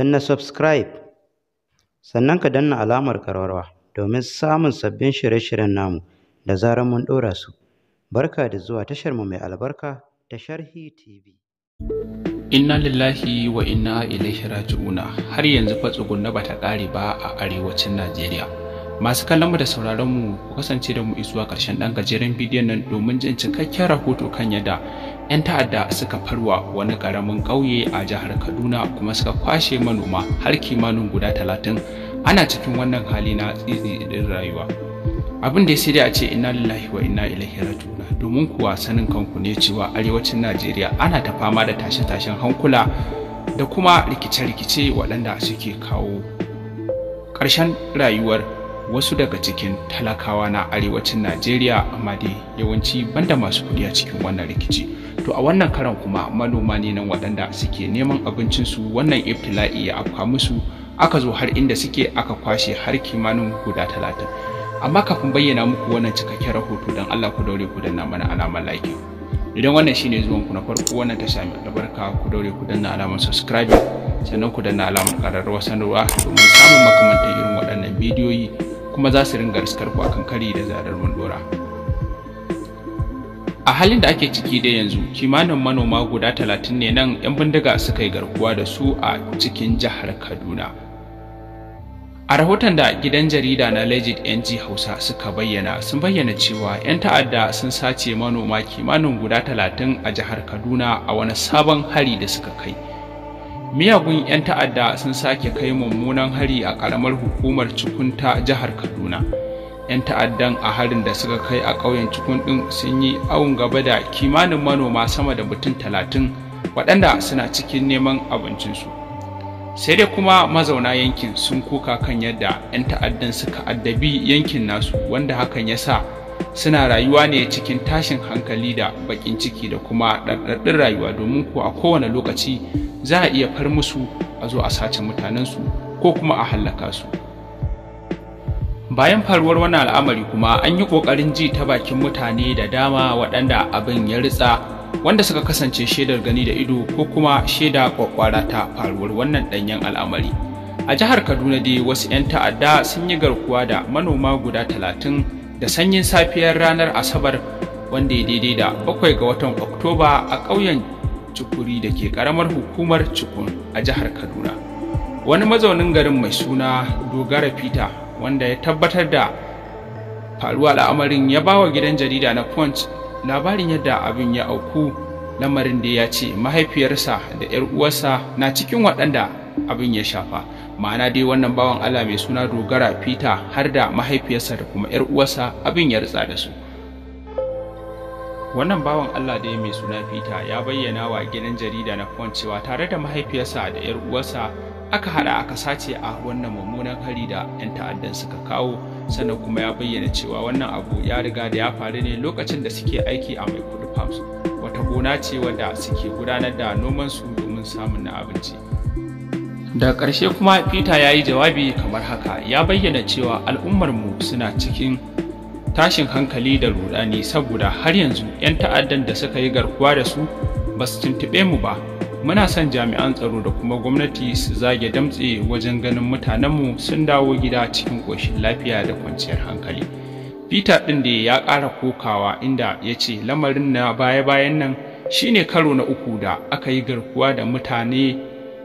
na subscribe sannan ka danna alamar karwarwa domin samun sabbin shirye-shiryen namu da zarar mun ɗora su barka da zuwa tashar mu mai albarka ta sharhi tv inna lillahi wa inna ilaihi raji'una har yanzu fa tsugunna bata ƙare ba a arewacin najeriya masu kallon mu da sauraron mu ku kasance da mu isuwa ƙarshen ɗan gajeren bidiyon nan domin jin cikakken rahoto kan yadda 'yan ta'adda suka farwa wani ƙaramin ƙauye a jihar kaduna kuma suka kwashe manoma har kimanin guda talatin ana cikin wannan hali na tsitsidin rayuwa abin da ya sai a ce inna lillahi wa inna ilaihi raji'un domin kuwa sanin kanku ne cewa arewacin najeriya ana ta fama da tashe-tashen hankula da kuma rikice-rikice waɗanda suke kawo ƙarshen rayuwar wasu daga cikin talakawa na arewacin najeriya amma dai yawanci banda masu kuɗi a cikin wannan rikici to a wannan karan kuma manoma ne nan waɗanda suke neman abincinsu wannan iftila'i ya afka musu aka zo har inda suke aka kwashe har kimanin guda talatin amma kafin bayyana muku wannan cikakken rahoto don allah ku daure ku danna mana alamar like idan wannan shine zuwan ku na farko wannan tasha mai albarka ku daure ku danna alamar subscribe sannan ku danna alamar ƙararrawar sanarwa domin samun makamantan irin waɗannan bidiyoyi kuma za su ringa riskar ku akan kari da zarar mun dora halin da ake ciki da yanzu kimanin manoma guda talatin ne nan 'yan bindiga suka yi garkuwa da su a cikin jihar kaduna a rahoton da gidan jarida na legit ng hausa suka bayyana sun bayyana cewa 'yan ta'adda sun sace manoma kimanin guda talatin a jihar kaduna a wani sabon hari da suka kai miyagun 'yan ta'adda sun sake kai mummunan hari a ƙaramar hukumar cikunta jihar kaduna 'yan ta'addan a harin da suka kai a ƙauyen cikin ɗin sun yi awon gaba da kimanin manoma sama da mutum talatin waɗanda suna cikin neman abincinsu sai dai kuma mazauna yankin sun kuka kan yadda 'yan ta'addan suka addabi yankin nasu wanda hakan ya sa suna rayuwa ne cikin tashin hankali da baƙin ciki da kuma ɗaɗɗaɗɗin rayuwa domin ko a kowane lokaci za a iya far musu a zo a sace mutanensu ko kuma a hallaka su bayan faruwar wannan al'amari kuma an yi ƙoƙarin ji ta bakin mutane da dama waɗanda abin ya ritsa wanda suka kasance shaidar gani da ido ko kuma shaida kwakwara ta faruwar wannan ɗanyen al'amari a jihar kaduna dai wasu 'yan ta'adda sun yi garkuwa da manoma guda talatin da sanyin safiyar ranar asabar wanda ya daidai da bakwai ga watan oktoba a ƙauyen Cukuri da ke ƙaramar hukumar cikun a jihar kaduna wani mazaunin garin mai suna dogara peter wanda ya tabbatar da faruwa al'amarin ya bawa gidan jarida na punch labarin yadda abin ya auku lamarin da ya ce mahaifiyarsa da 'yar uwarsa na cikin waɗanda abin ya shafa ma'ana dai wannan bawan allah mai suna dogara fita har da mahaifiyarsa da kuma 'yar uwarsa abin ya ritsa da su wannan bawan Allah dai mai suna Peter ya bayyana wa gidan jarida na Punch cewa tare da mahaifiyarsa da 'yar uwarsa aka hada aka sace a wannan mummunan hari da 'yan ta'addan suka kawo sannan kuma ya bayyana cewa wannan abu ya riga da ya faru ne lokacin da suke aiki a mai kudu farms wata gona ce wadda suke gudanar da noman su domin samun na abinci da ƙarshe kuma peter ya yi jawabi kamar haka ya bayyana cewa al'ummarmu suna cikin tashin hankali da rudani saboda har yanzu 'yan ta'addan da suka yi garkuwa da su ba su tuntuɓe mu ba muna son jami'an tsaro da kuma gwamnati su zage damtse wajen ganin mutanenmu sun dawo gida cikin ƙoshin lafiya da kwanciyar hankali peter ɗin da ya ƙara kokawa inda ya ce lamarin na baya-bayan nan shine karo na uku da aka yi garkuwa da mutane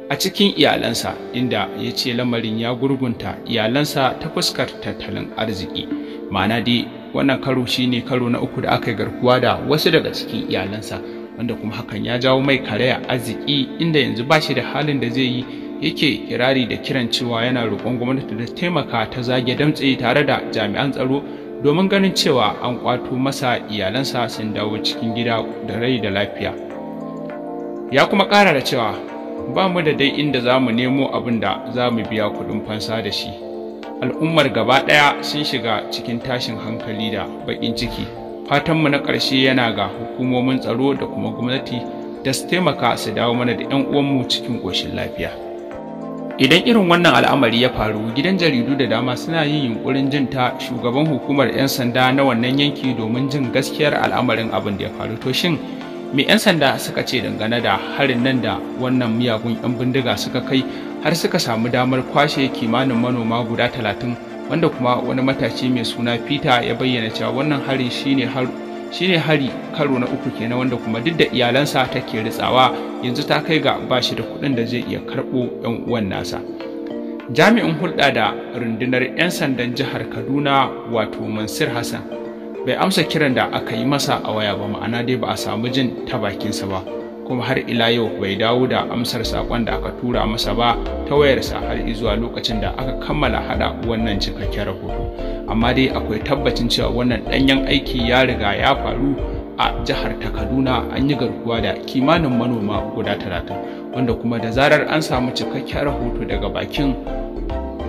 a cikin iyalansa inda ya ce lamarin ya gurgunta iyalansa ta fuskar tattalin arziki ma'ana dai wannan karo shine karo na uku da aka yi garkuwa da wasu daga cikin iyalansa wanda kuma hakan ya jawo mai karaya arziki inda yanzu ba shi da halin da zai yi yake kirari da kiran cewa yana roƙon gwamnati da taimaka ta zage damtse tare da jami'an tsaro domin ganin cewa an kwato masa iyalansa sun dawo cikin gida da rai da lafiya ya kuma ƙara da cewa ba mu da dai inda za mu nemo abin da za mu biya kuɗin fansa da shi al'ummar gaba ɗaya sun shiga cikin tashin hankali da baƙin ciki fatanmu na ƙarshe yana ga hukumomin tsaro da kuma gwamnati da su taimaka su dawo mana da 'yan uwanmu cikin ƙoshin lafiya idan irin wannan al'amari ya faru gidan jaridu da dama suna yin yunkurin jin ta shugaban hukumar 'yan sanda na wannan yanki domin jin gaskiyar al'amarin abin da ya faru to shin me 'yan sanda suka ce dangane da harin nan da wannan miyagun 'yan bindiga suka kai har suka samu damar kwashe kimanin manoma guda talatin wanda kuma wani matashi mai suna peter ya bayyana cewa wannan harin shine har hari karo na uku kenan wanda kuma duk da iyalansa take ritsawa yanzu ta kai ga bashi da kuɗin da zai iya karɓo 'yan uwan nasa jami'in hulɗa da rundunar 'yan sandan jihar kaduna wato mansur hassan bai amsa kiran da aka yi masa a waya ba ma'ana dai ba a samu jin ta bakinsa ba kuma har ila yau bai dawo da amsar saƙon da aka tura masa ba ta wayarsa har zuwa lokacin da aka kammala haɗa wannan cikakken rahoto amma dai akwai tabbacin cewa wannan ɗanyen aiki ya riga ya faru a jihar ta kaduna an yi garkuwa da kimanin manoma guda talatin wanda kuma da zarar an samu cikakken rahoto daga bakin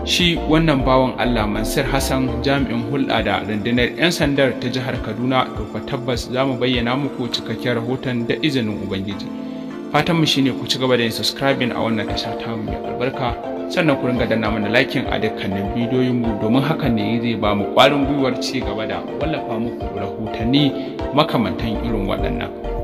shi wannan bawan Allah Mansur Hassan jami'in hulɗa da rundunar 'yan sandar ta jihar Kaduna fa tabbas za mu bayyana muku cikakken rahoton da izinin Ubangiji. Fatanmu shi ne ku ci gaba da yin subscribing a wannan tashar ta mu mai albarka sannan ku ringa danna mana liking a dukkanin bidiyoyinmu domin hakan ne zai ba mu ƙwarin gwiwar ci gaba da wallafa muku rahotanni makamantan irin waɗannan.